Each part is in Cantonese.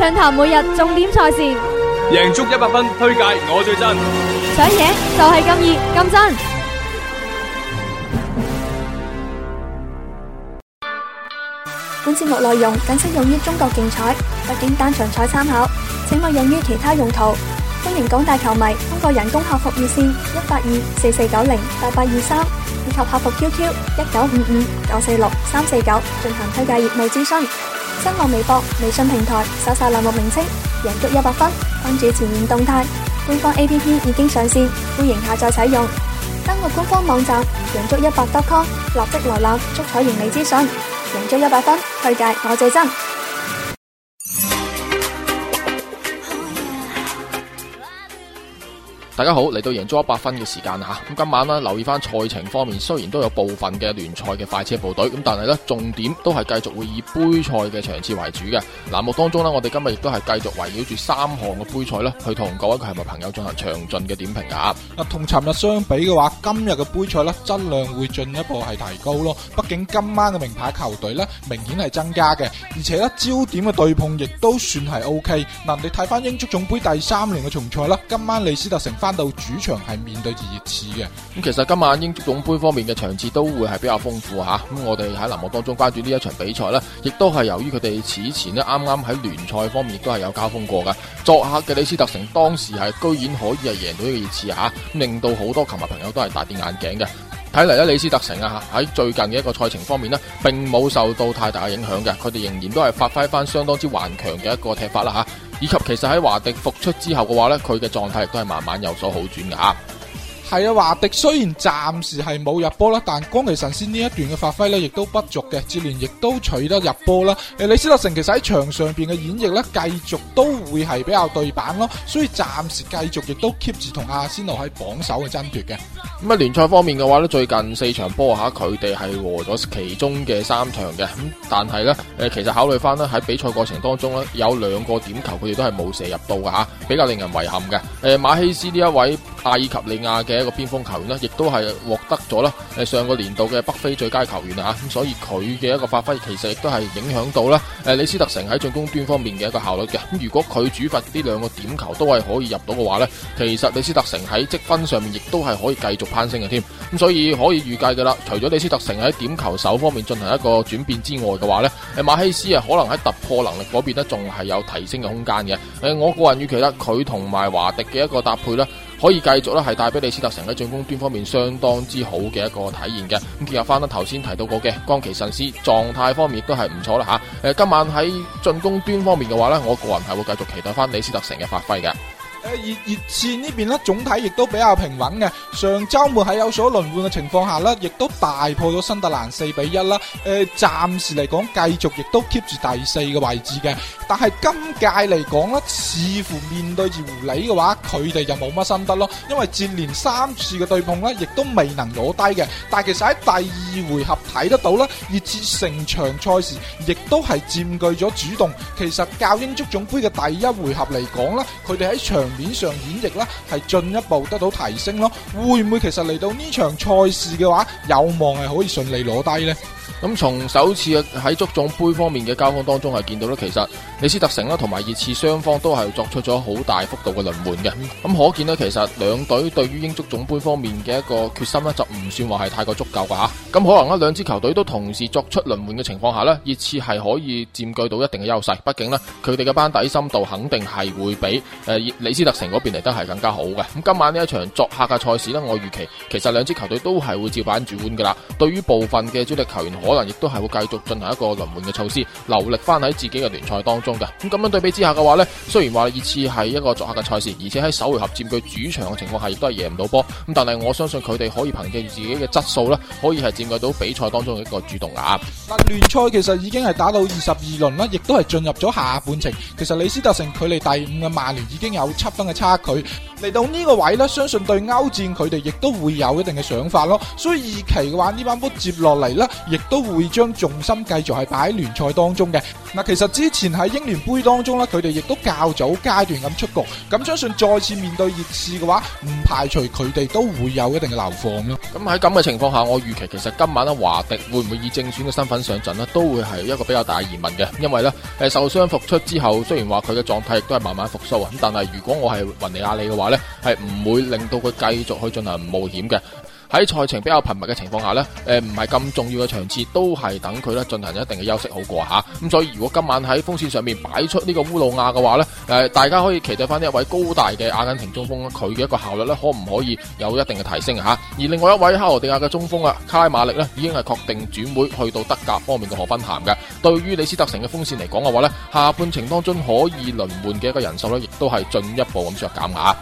暢談每日重點賽事，贏足一百分推介我最真，想贏就係咁易咁真。本節目內容僅適用於中國競彩，北京單場彩參考，請勿用於其他用途。歡迎廣大球迷通過人工客服熱線一八二四四九零八八二三以及客服 QQ 一九五五九四六三四九進行推介業務諮詢。新浪微博、微信平台，搜索欄目名稱，贏足一百分；關注前沿動態，官方 A P P 已經上線，歡迎下載使用。登錄官方網站，贏足一百 .com，立即瀏覽足彩盈利資訊，贏足一百分，推介我最真。大家好，嚟到贏足一百分嘅時間啊！咁今晚啦，留意翻賽程方面，雖然都有部分嘅聯賽嘅快車部隊，咁但係咧重點都係繼續會以杯賽嘅場次為主嘅欄目當中咧，我哋今日亦都係繼續圍繞住三項嘅杯賽咧，去同各位球迷朋友進行詳盡嘅點評噶。同尋日相比嘅話，今日嘅杯賽咧質量會進一步係提高咯，畢竟今晚嘅名牌球隊咧明顯係增加嘅，而且咧焦點嘅對碰亦都算係 OK。嗱，你睇翻英足總杯第三輪嘅重賽啦，今晚利斯特城翻。翻到主場係面對住熱刺嘅，咁其實今晚英足總杯方面嘅場次都會係比較豐富嚇。咁、啊、我哋喺欄目當中關注呢一場比賽也是呢，亦都係由於佢哋此前咧啱啱喺聯賽方面都係有交鋒過嘅。作客嘅李斯特城當時係居然可以係贏到呢個熱刺嚇、啊，令到好多球迷朋友都係大跌眼鏡嘅。睇嚟咧，李斯特城啊，喺最近嘅一個賽程方面呢，並冇受到太大嘅影響嘅，佢哋仍然都係發揮翻相當之頑強嘅一個踢法啦嚇。啊以及其實喺華迪復出之後嘅話呢，佢嘅狀態亦都係慢慢有所好轉㗎吓。係啊，華迪雖然暫時係冇入波啦，但光奇神仙呢一段嘅發揮呢亦都不俗嘅，接連亦都取得入波啦。誒，李斯特城其實喺場上邊嘅演繹呢，繼續都會係比較對版咯，所以暫時繼續亦都 keep 住同阿仙奴喺榜首嘅爭奪嘅。咁啊，聯賽方面嘅話呢，最近四場波下，佢哋係和咗其中嘅三場嘅，咁但係呢，誒，其實考慮翻呢，喺比賽過程當中呢，有兩個點球佢哋都係冇射入到嘅吓，比較令人遺憾嘅。誒，馬希斯呢一位阿爾及利亞嘅。一個邊鋒球員呢，亦都係獲得咗啦。誒，上個年度嘅北非最佳球員啊，咁所以佢嘅一個發揮，其實亦都係影響到咧。誒，李斯特城喺進攻端方面嘅一個效率嘅。咁如果佢主罰呢兩個點球都係可以入到嘅話咧，其實李斯特城喺積分上面亦都係可以繼續攀升嘅添。咁所以可以預計嘅啦，除咗李斯特城喺點球手方面進行一個轉變之外嘅話咧，誒，馬希斯啊，可能喺突破能力嗰邊呢，仲係有提升嘅空間嘅。誒，我個人預期咧，佢同埋華迪嘅一個搭配咧。可以繼續咧，係帶俾李斯特城喺進攻端方面相當之好嘅一個體驗嘅。咁結合翻咧頭先提到過嘅岡崎慎司狀態方面亦都係唔錯啦嚇。誒，今晚喺進攻端方面嘅話呢，我個人係會繼續期待翻李斯特城嘅發揮嘅。誒，熱熱刺呢邊咧，總體亦都比較平穩嘅。上周末喺有所輪換嘅情況下咧，亦都大破咗新特蘭四比一啦。誒，暫時嚟講繼續亦都 keep 住第四嘅位置嘅。但係今屆嚟講咧，似乎面對住狐狸嘅話，佢哋就冇乜心得咯。因為接連三次嘅對碰咧，亦都未能攞低嘅。但係其實喺第二回合睇得到啦，熱刺成場賽事亦都係佔據咗主動。其實教英足總杯嘅第一回合嚟講啦，佢哋喺場。面上演繹啦，係進一步得到提升咯。會唔會其實嚟到呢場賽事嘅話，有望係可以順利攞低呢？咁從首次喺足總杯方面嘅交鋒當中係見到咧，其實李斯特城啦同埋熱刺雙方都係作出咗好大幅度嘅輪換嘅。咁、嗯、可見咧，其實兩隊對於英足總杯方面嘅一個決心呢，就唔算話係太過足夠噶嚇。咁可能呢，兩支球隊都同時作出輪換嘅情況下呢，熱刺係可以佔據到一定嘅優勢。畢竟呢，佢哋嘅班底深度肯定係會比誒李斯特城嗰邊嚟得係更加好嘅。咁、嗯、今晚呢一場作客嘅賽事呢，我預期其實兩支球隊都係會照板轉換噶啦。對於部分嘅主力球員，可能亦都係會繼續進行一個輪換嘅措施，留力翻喺自己嘅聯賽當中嘅。咁、嗯、咁樣對比之下嘅話呢，雖然話熱刺係一個作客嘅賽事，而且喺首回合占據主場嘅情況下亦都係贏唔到波，咁但係我相信佢哋可以憑借住自己嘅質素咧，可以係。見到比賽當中嘅一個主動啊！嗱，聯賽其實已經係打到二十二輪啦，亦都係進入咗下半程。其實李斯特城距離第五嘅曼聯已經有七分嘅差距。嚟到呢個位呢，相信對歐戰佢哋亦都會有一定嘅想法咯。所以二期嘅話，呢班波接落嚟呢，亦都會將重心繼續係擺喺聯賽當中嘅。嗱，其實之前喺英聯盃當中呢，佢哋亦都較早階段咁出局。咁相信再次面對熱刺嘅話，唔排除佢哋都會有一定嘅流放咯。咁喺咁嘅情況下，我預期其實。今晚咧，華迪會唔會以正選嘅身份上陣咧，都會係一個比較大嘅疑問嘅，因為咧誒，受傷復出之後，雖然話佢嘅狀態亦都係慢慢復甦啊，咁但係如果我係雲尼亞利嘅話咧，係唔會令到佢繼續去進行冒險嘅。喺賽程比較頻密嘅情況下呢，誒唔係咁重要嘅場次都係等佢咧進行一定嘅休息好過嚇。咁所以如果今晚喺風扇上面擺出呢個烏魯亞嘅話呢，誒大家可以期待翻呢一位高大嘅阿根廷中鋒，佢嘅一個效率呢，可唔可以有一定嘅提升嚇？而另外一位克羅地亞嘅中鋒啊，卡里馬力呢已經係確定轉會去到德甲方面嘅荷芬咸嘅。對於李斯特城嘅風扇嚟講嘅話呢，下半程當中可以輪換嘅一個人數呢，亦都係進一步咁樣削減吓。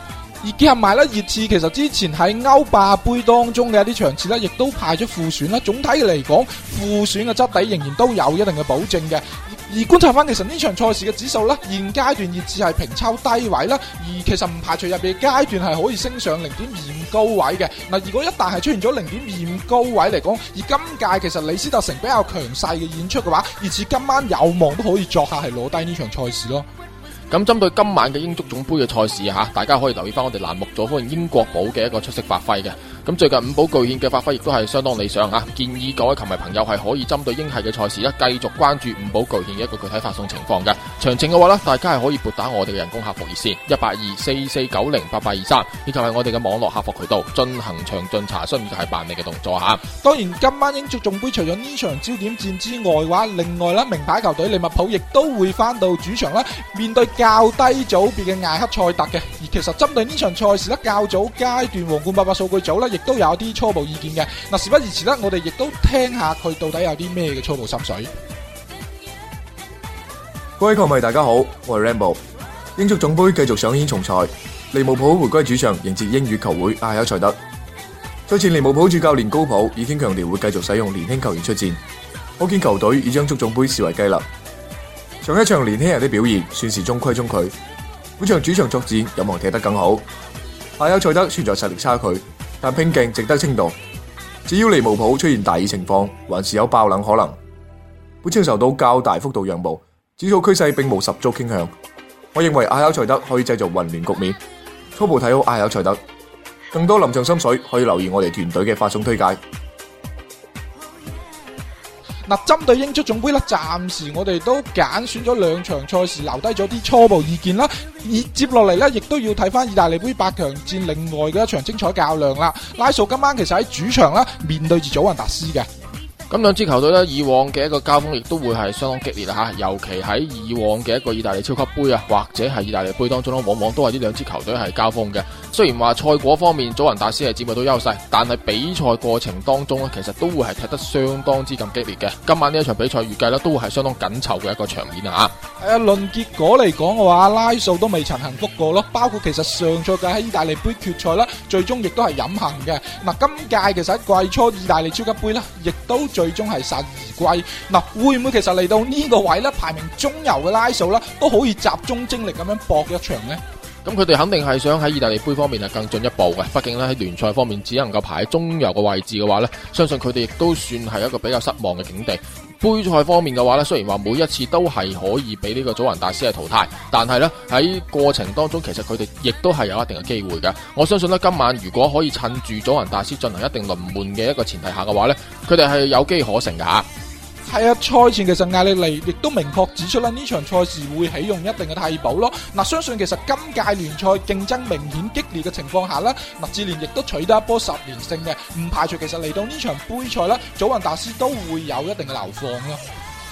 而結合埋咧熱刺，其實之前喺歐霸杯當中嘅一啲場次咧，亦都派咗副選啦。總體嚟講，副選嘅質地仍然都有一定嘅保證嘅。而觀察翻其實呢場賽事嘅指數咧，現階段熱刺係平抽低位啦，而其實唔排除入邊階段係可以升上零點二五高位嘅。嗱，如果一旦係出現咗零點二五高位嚟講，而今屆其實李斯特城比較強勢嘅演出嘅話，熱刺今晚有望都可以作客係攞低呢場賽事咯。咁針對今晚嘅英足總杯嘅賽事嚇，大家可以留意返我哋欄目組歡迎英國寶嘅一個出色發揮嘅。咁最近五寶巨獻嘅發揮亦都係相當理想啊！建議各位球迷朋友係可以針對英系嘅賽事咧，繼續關注五寶巨獻嘅一個具體發送情況嘅。詳情嘅話咧，大家係可以撥打我哋嘅人工客服熱線一八二四四九零八八二三，23，以及係我哋嘅網絡客服渠道進行詳盡查詢，就係辦理嘅動作吓。當然，今晚英足總杯除咗呢場焦點戰之外話，話另外呢名牌球隊利物浦亦都會翻到主場啦，面對較低組別嘅艾克賽特嘅。而其實針對呢場賽事咧，較早階段皇冠八八數據組呢，亦都有啲初步意見嘅。嗱，事不宜遲啦，我哋亦都聽下佢到底有啲咩嘅初步心水。各位球迷大家好，我係 Rambo。英足總盃繼續上演重賽，利物浦回歸主場迎接英語球會阿尤塞德。賽前利物浦主教練高普已經強調會繼續使用年輕球員出戰，可見球隊已將足總盃視為雞肋。上一場年輕人的表現算是中規中矩，本場主場作戰有望踢得更好。阿尤塞德存在實力差距，但拼勁值得稱道。只要利物浦出現大意情況，還是有爆冷可能。本場受到較大幅度讓步。指數趨勢並無十足傾向，我認為阿友財德可以製造混亂局面，初步睇好阿友財德。更多臨場心水可以留意我哋團隊嘅發送推介。嗱，針對英足總杯啦，暫時我哋都揀選咗兩場賽事，留低咗啲初步意見啦。而接落嚟咧，亦都要睇翻意大利杯八強戰另外嘅一場精彩較量啦。拉素今晚其實喺主場啦，面對住祖雲達斯嘅。咁兩支球隊呢，以往嘅一個交鋒亦都會係相當激烈啦、啊、吓，尤其喺以往嘅一個意大利超級杯啊，或者係意大利杯當中呢，往往都係呢兩支球隊係交鋒嘅。雖然話賽果方面，祖雲達斯係佔據到優勢，但係比賽過程當中呢，其實都會係踢得相當之咁激烈嘅。今晚呢一場比賽預計呢，都會係相當緊湊嘅一個場面啊吓。誒、啊，論結果嚟講嘅話，拉素都未曾幸福過咯，包括其實上賽季喺意大利杯決賽啦，最終亦都係飲恨嘅。嗱、啊，今屆其實喺季初意大利超級杯咧，亦都。最終係殺而歸。嗱，會唔會其實嚟到呢個位咧，排名中游嘅拉數啦，都可以集中精力咁樣搏一場咧。咁佢哋肯定係想喺意大利杯方面係更進一步嘅。畢竟咧喺聯賽方面只能夠排喺中游嘅位置嘅話咧，相信佢哋亦都算係一個比較失望嘅境地。杯賽方面嘅話咧，雖然話每一次都係可以俾呢個祖雲大師係淘汰，但係咧喺過程當中其實佢哋亦都係有一定嘅機會嘅。我相信咧今晚如果可以趁住祖雲大師進行一定輪換嘅一個前提下嘅話咧，佢哋係有機可乘嘅吓。係啊，賽前其實艾力尼亦都明確指出啦，呢場賽事會起用一定嘅替補咯。嗱，相信其實今屆聯賽競爭明顯激烈嘅情況下呢，麥志連亦都取得一波十連勝嘅，唔排除其實嚟到呢場杯賽啦，祖雲達斯都會有一定嘅流放咯。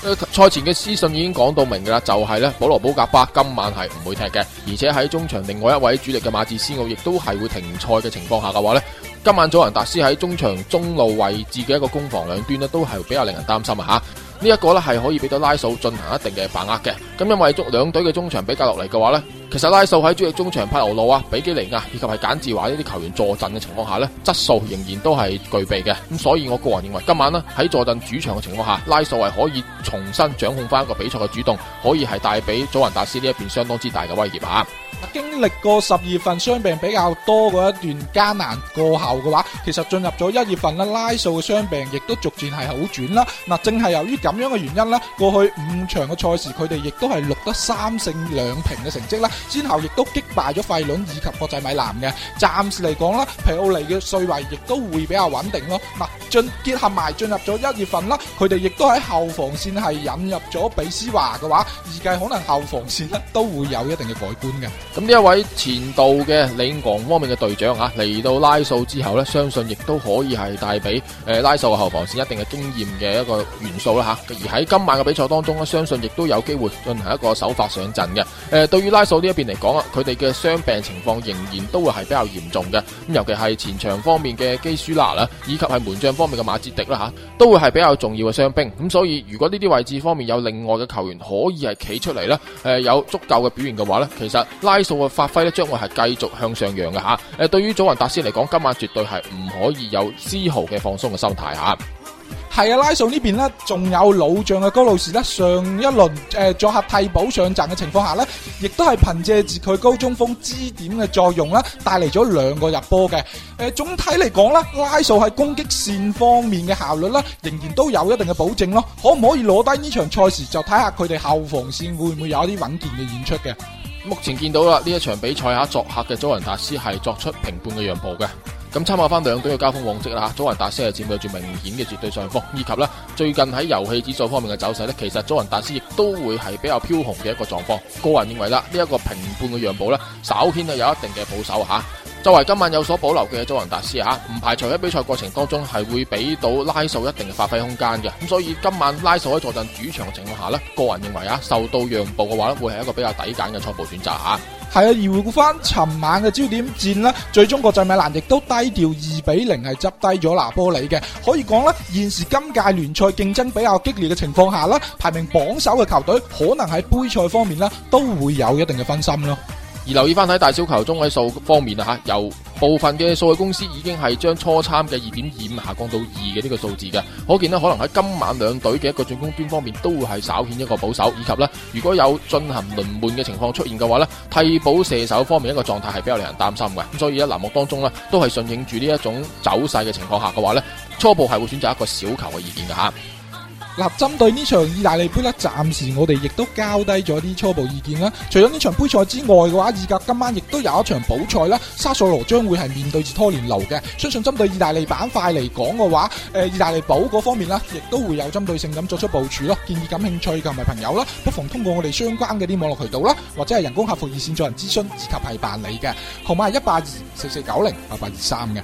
誒、呃，賽前嘅私信已經講到明噶啦，就係、是、呢：「保羅保格巴今晚係唔會踢嘅，而且喺中場另外一位主力嘅馬治斯奧亦都係會停賽嘅情況下嘅話呢。」今晚祖雲達斯喺中場中路位置嘅一個攻防兩端咧，都係比較令人擔心啊！吓呢一個咧係可以俾到拉數進行一定嘅把握嘅。咁因為中兩隊嘅中場比較落嚟嘅話咧。其實拉素喺主力中場派奧魯啊、比基尼啊以及係簡志華呢啲球員坐鎮嘅情況下咧，質素仍然都係具備嘅。咁所以我個人認為今晚咧喺坐鎮主場嘅情況下，拉素係可以重新掌控翻一個比賽嘅主動，可以係帶俾祖雲達斯呢一邊相當之大嘅威脅吓。經歷過十二份傷病比較多嘅一段艱難過後嘅話，其實進入咗一月份咧，拉素嘅傷病亦都逐漸係好轉啦。嗱，正係由於咁樣嘅原因咧，過去五場嘅賽事佢哋亦都係錄得三勝兩平嘅成績啦。先後亦都擊敗咗費倫以及國際米蘭嘅，暫時嚟講啦，皮奧利嘅帥位亦都會比較穩定咯。嗱，進結合埋進入咗一月份啦，佢哋亦都喺後防線係引入咗比斯華嘅話，預計可能後防線咧都會有一定嘅改觀嘅。咁呢一位前度嘅領航方面嘅隊長吓嚟到拉素之後咧，相信亦都可以係帶俾誒拉素嘅後防線一定嘅經驗嘅一個元素啦吓。而喺今晚嘅比賽當中咧，相信亦都有機會進行一個首發上陣嘅。誒、呃，對於拉素。呢一邊嚟講啊，佢哋嘅傷病情況仍然都會係比較嚴重嘅，咁尤其係前場方面嘅基舒納啦，以及係門將方面嘅馬哲迪啦吓，都會係比較重要嘅傷兵。咁所以如果呢啲位置方面有另外嘅球員可以係企出嚟咧，誒有足夠嘅表現嘅話咧，其實拉素嘅發揮咧將會係繼續向上揚嘅吓。誒，對於祖雲達斯嚟講，今晚絕對係唔可以有絲毫嘅放鬆嘅心態吓。係啊，拉素呢邊呢，仲有老將嘅高路士咧。上一輪誒、呃，作客替補上陣嘅情況下呢亦都係憑借住佢高中鋒支點嘅作用啦，帶嚟咗兩個入波嘅。誒、呃，總體嚟講呢，拉素喺攻擊線方面嘅效率呢，仍然都有一定嘅保證咯。可唔可以攞低呢場賽事？就睇下佢哋後防線會唔會有一啲穩健嘅演出嘅。目前見到啦，呢一場比賽吓，作客嘅祖雲達斯係作出平半嘅讓步嘅。咁參考翻兩隊嘅交鋒往績啦，祖雲達斯係佔據住明顯嘅絕對上風，以及咧最近喺遊戲指數方面嘅走勢呢，其實祖雲達斯亦都會係比較飄紅嘅一個狀況。個人認為啦，呢、這、一個平半嘅讓步呢，稍顯就有一定嘅保守吓。作為今晚有所保留嘅祖雲達斯，吓，唔排除喺比賽過程當中係會俾到拉素一定嘅發揮空間嘅。咁所以今晚拉素喺坐鎮主場嘅情況下咧，個人認為啊，受到讓步嘅話呢，會係一個比較抵揀嘅初步選擇吓。係啊，而回顧翻尋晚嘅焦點戰啦。最終國際米蘭亦都低調二比零係執低咗拿波里嘅，可以講咧現時今屆聯賽競爭比較激烈嘅情況下啦，排名榜首嘅球隊可能喺杯賽方面咧都會有一定嘅分心咯。而留意翻喺大小球中位數方面啊，吓由部分嘅數據公司已經係將初參嘅二點二五下降到二嘅呢個數字嘅，可見呢可能喺今晚兩隊嘅一個進攻端方面都會係稍顯一個保守，以及呢，如果有進行輪換嘅情況出現嘅話呢替補射手方面一個狀態係比較令人擔心嘅，咁所以呢，欄目當中呢都係順應住呢一種走勢嘅情況下嘅話呢初步係會選擇一個小球嘅意見嘅吓。嗱，針對呢場意大利杯咧，暫時我哋亦都交低咗啲初步意見啦。除咗呢場杯賽之外嘅話，以及今晚亦都有一場補賽啦，沙索羅將會係面對住托連奴嘅。相信針對意大利板塊嚟講嘅話，誒意大利保嗰方面啦，亦都會有針對性咁作出部署咯。建議感興趣嘅買朋友啦，不妨通過我哋相關嘅啲網絡渠道啦，或者係人工客服熱線進行諮詢以及係辦理嘅號碼係一八二四四九零八八二三嘅。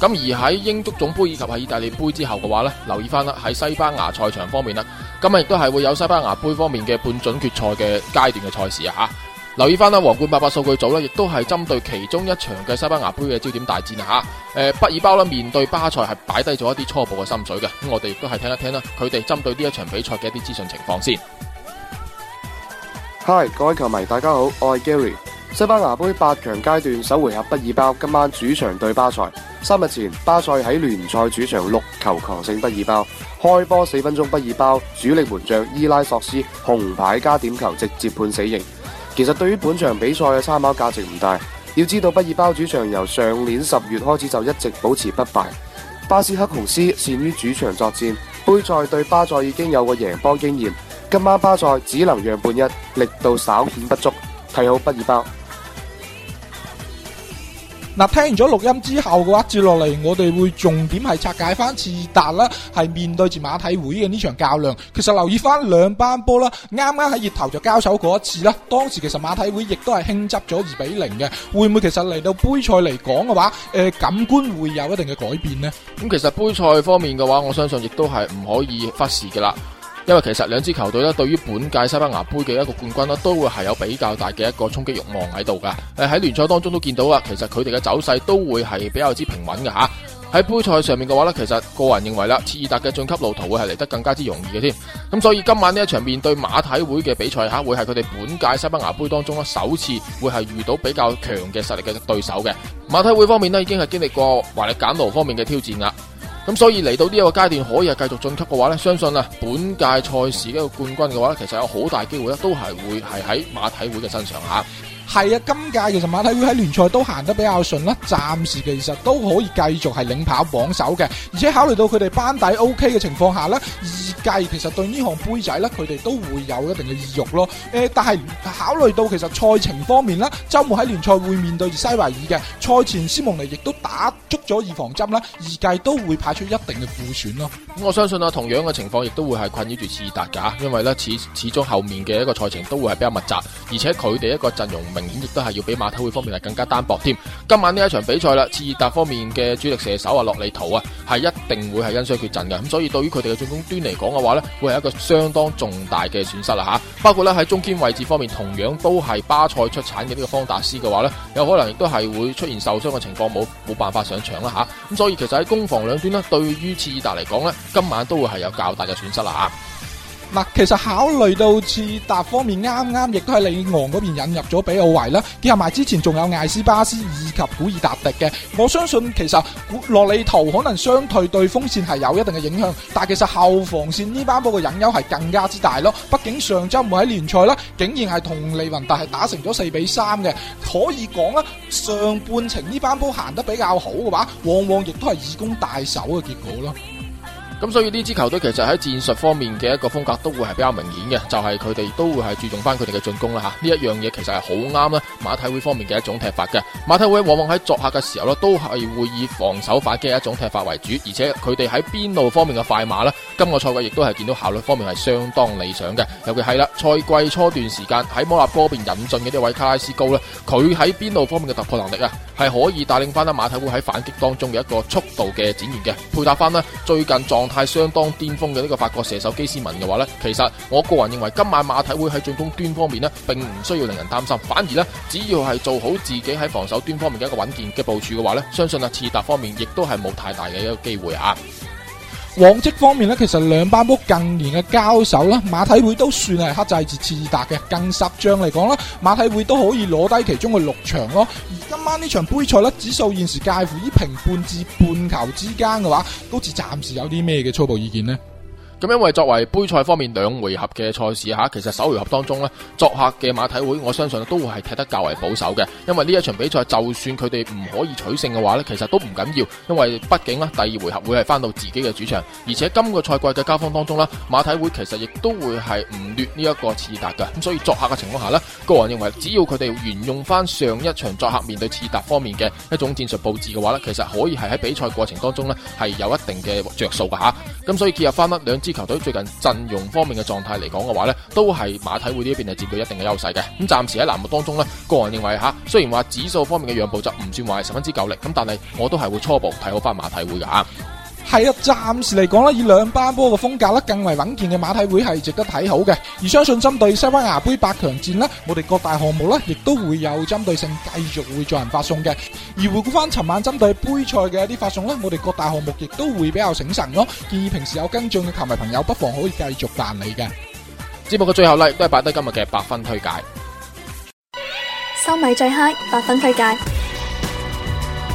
咁而喺英足總杯以及係意大利杯之後嘅話呢，留意翻啦，喺西班牙賽場方面啦，今日亦都係會有西班牙杯方面嘅半準決賽嘅階段嘅賽事啊吓！留意翻啦，皇冠八八數據組亦都係針對其中一場嘅西班牙杯嘅焦點大戰吓！誒、呃，畢爾包面對巴塞係擺低咗一啲初步嘅心水嘅，咁我哋亦都係聽一聽啦，佢哋針對呢一場比賽嘅一啲資訊情況先。Hi，各位球迷，大家好，我係 Gary。西班牙杯八強階段，首回合畢爾包今晚主場對巴塞。三日前巴塞喺聯賽主場六球狂勝畢爾包，開波四分鐘畢爾包主力門將伊拉索斯紅牌加點球直接判死刑。其實對於本場比賽嘅參考價值唔大，要知道畢爾包主場由上年十月開始就一直保持不敗。巴斯克雄獅善於主場作戰，杯賽對巴塞已經有過贏波經驗。今晚巴塞只能讓半一，力度稍顯不足，睇好畢爾包。嗱，聽完咗錄音之後嘅話，接落嚟我哋會重點係拆解翻次達啦，係面對住馬體會嘅呢場較量。其實留意翻兩班波啦，啱啱喺熱頭就交手過一次啦。當時其實馬體會亦都係輕執咗二比零嘅。會唔會其實嚟到杯賽嚟講嘅話，誒、呃，感官會有一定嘅改變呢？咁其實杯賽方面嘅話，我相信亦都係唔可以忽視噶啦。因為其實兩支球隊咧，對於本屆西班牙杯嘅一個冠軍咧，都會係有比較大嘅一個衝擊欲望喺度噶。誒喺聯賽當中都見到啦，其實佢哋嘅走勢都會係比較之平穩嘅吓。喺杯賽上面嘅話咧，其實個人認為啦，切爾達嘅晉級路途會係嚟得更加之容易嘅添。咁所以今晚呢一場面對馬體會嘅比賽吓，會係佢哋本屆西班牙杯當中咧首次會係遇到比較強嘅實力嘅對手嘅。馬體會方面咧，已經係經歷過華力簡奴方面嘅挑戰啦。咁所以嚟到呢一個階段可以係繼續晉級嘅話咧，相信啊本屆賽事嘅一個冠軍嘅話咧，其實有好大機會咧，都係會係喺馬體會嘅身上吓。係啊，今屆其實馬體會喺聯賽都行得比較順啦，暫時其實都可以繼續係領跑榜首嘅。而且考慮到佢哋班底 OK 嘅情況下呢，二計其實對呢項杯仔呢，佢哋都會有一定嘅意慾咯。誒，但係考慮到其實賽程方面呢，周末喺聯賽會面對住西維爾嘅，賽前斯蒙尼亦都打足咗預防針啦，二計都會派出一定嘅副選咯。咁、嗯、我相信、啊、同樣嘅情況亦都會係困擾住次達噶，因為呢始始終後面嘅一個賽程都會係比較密集，而且佢哋一個陣容未明顯亦都係要比馬體會方面係更加單薄添。今晚呢一場比賽啦，切爾達方面嘅主力射手啊，洛利圖啊，係一定會係因傷缺陣嘅。咁所以對於佢哋嘅進攻端嚟講嘅話呢，會係一個相當重大嘅損失啦吓。包括咧喺中堅位置方面，同樣都係巴塞出產嘅呢個方達斯嘅話呢，有可能亦都係會出現受傷嘅情況，冇冇辦法上場啦吓。咁所以其實喺攻防兩端呢，對於切爾達嚟講呢，今晚都會係有較大嘅損失啦吓。嗱，其實考慮到次達方面啱啱亦都係李昂嗰邊引入咗比奧維啦，結合埋之前仲有艾斯巴斯以及古爾達迪嘅，我相信其實古洛里圖可能相退對，對鋒線係有一定嘅影響，但其實後防線呢班波嘅隱憂係更加之大咯。畢竟上周唔喺聯賽啦，竟然係同利云達係打成咗四比三嘅，可以講啦，上半程呢班波行得比較好嘅話，往往亦都係以攻代守嘅結果咯。咁所以呢支球隊其實喺戰術方面嘅一個風格都會係比較明顯嘅，就係佢哋都會係注重翻佢哋嘅進攻啦吓。呢一樣嘢其實係好啱啦，馬體會方面嘅一種踢法嘅。馬體會往往喺作客嘅時候咧，都係會以防守反擊嘅一種踢法為主，而且佢哋喺邊路方面嘅快馬咧，今個賽季亦都係見到效率方面係相當理想嘅。尤其係啦，賽季初段時間喺摩納哥 𠮶 邊引進嘅呢位卡拉斯高咧，佢喺邊路方面嘅突破能力啊，係可以帶領翻啦馬體會喺反擊當中嘅一個速度嘅展現嘅，配合翻啦最近撞。太相當巔峰嘅呢個法國射手基斯文嘅話呢，其實我個人認為，今晚馬體會喺進攻端方面呢，並唔需要令人擔心，反而呢，只要係做好自己喺防守端方面嘅一個穩健嘅部署嘅話呢，相信啊刺達方面亦都係冇太大嘅一個機會啊！往績方面咧，其實兩班波近年嘅交手啦，馬體會都算係克制住次達嘅。近十仗嚟講啦，馬體會都可以攞低其中嘅六場咯。而今晚呢場杯賽咧，指數現時介乎於平半至半球之間嘅話，都似暫時有啲咩嘅初步意見呢？咁因為作為杯賽方面兩回合嘅賽事吓，其實首回合當中咧，作客嘅馬體會，我相信都會係踢得較為保守嘅。因為呢一場比賽，就算佢哋唔可以取勝嘅話咧，其實都唔緊要，因為畢竟呢第二回合會係翻到自己嘅主場。而且今個賽季嘅交鋒當中啦，馬體會其實亦都會係唔劣呢一個刺達嘅，咁所以作客嘅情況下咧，個人認為只要佢哋沿用翻上一場作客面對刺達方面嘅一種戰術布置嘅話咧，其實可以係喺比賽過程當中咧係有一定嘅着數噶吓。咁所以結合翻啦，兩支。球隊最近陣容方面嘅狀態嚟講嘅話咧，都係馬體會呢一邊係佔據一定嘅優勢嘅。咁暫時喺欄目當中咧，個人認為吓，雖然話指數方面嘅讓步就唔算話係十分之夠力，咁但係我都係會初步睇好翻馬體會噶。係啊，暫時嚟講咧，以兩班波嘅風格咧，更為穩健嘅馬體會係值得睇好嘅。而相信針對西班牙杯八強戰咧，我哋各大項目咧，亦都會有針對性繼續會進行發送嘅。而回顧翻尋晚針對杯賽嘅一啲發送咧，我哋各大項目亦都會比較醒神咯。建議平時有跟進嘅球迷朋友，不妨可以繼續辦理嘅。節目嘅最後咧，都係擺低今日嘅百分推介，收米最 high 百分推介。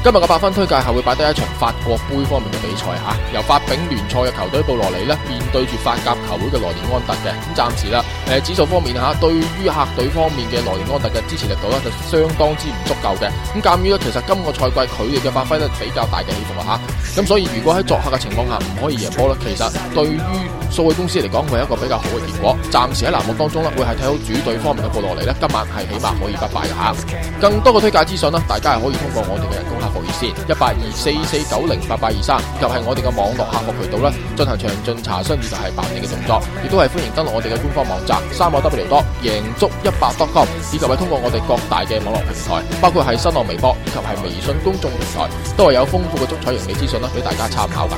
今日嘅八分推介係會擺低一場法國杯方面嘅比賽吓、啊，由法丙聯賽嘅球隊布羅尼咧，面對住法甲球會嘅羅尼安特嘅。咁、啊、暫時啦，誒、呃、指數方面吓、啊，對於客隊方面嘅羅尼安特嘅支持力度咧，就相當之唔足夠嘅。咁鑒於咧，其實今個賽季佢哋嘅發揮咧比較大嘅起伏吓，咁、啊、所以如果喺作客嘅情況下唔可以贏波咧，其實對於數據公司嚟講，會係一個比較好嘅結果。暫時喺欄目當中咧，會係睇好主隊方面嘅布羅尼咧，今晚係起碼可以不敗嘅吓、啊。更多嘅推介資訊咧，大家係可以通過我哋嘅人工客。啊熱線一八二四四九零八八二三，以及係我哋嘅網絡客服渠道啦，進行詳盡查詢以及係辦理嘅動作，亦都係歡迎登錄我哋嘅官方網站三個 w 多贏足一百 dotcom，以及係通過我哋各大嘅網絡平台，包括係新浪微博以及係微信公眾平台，都係有豐富嘅足彩贏利資訊啦，俾大家參考噶。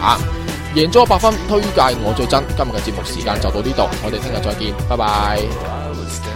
贏咗百分，推介我最真。今日嘅節目時間就到呢度，我哋聽日再見，拜拜。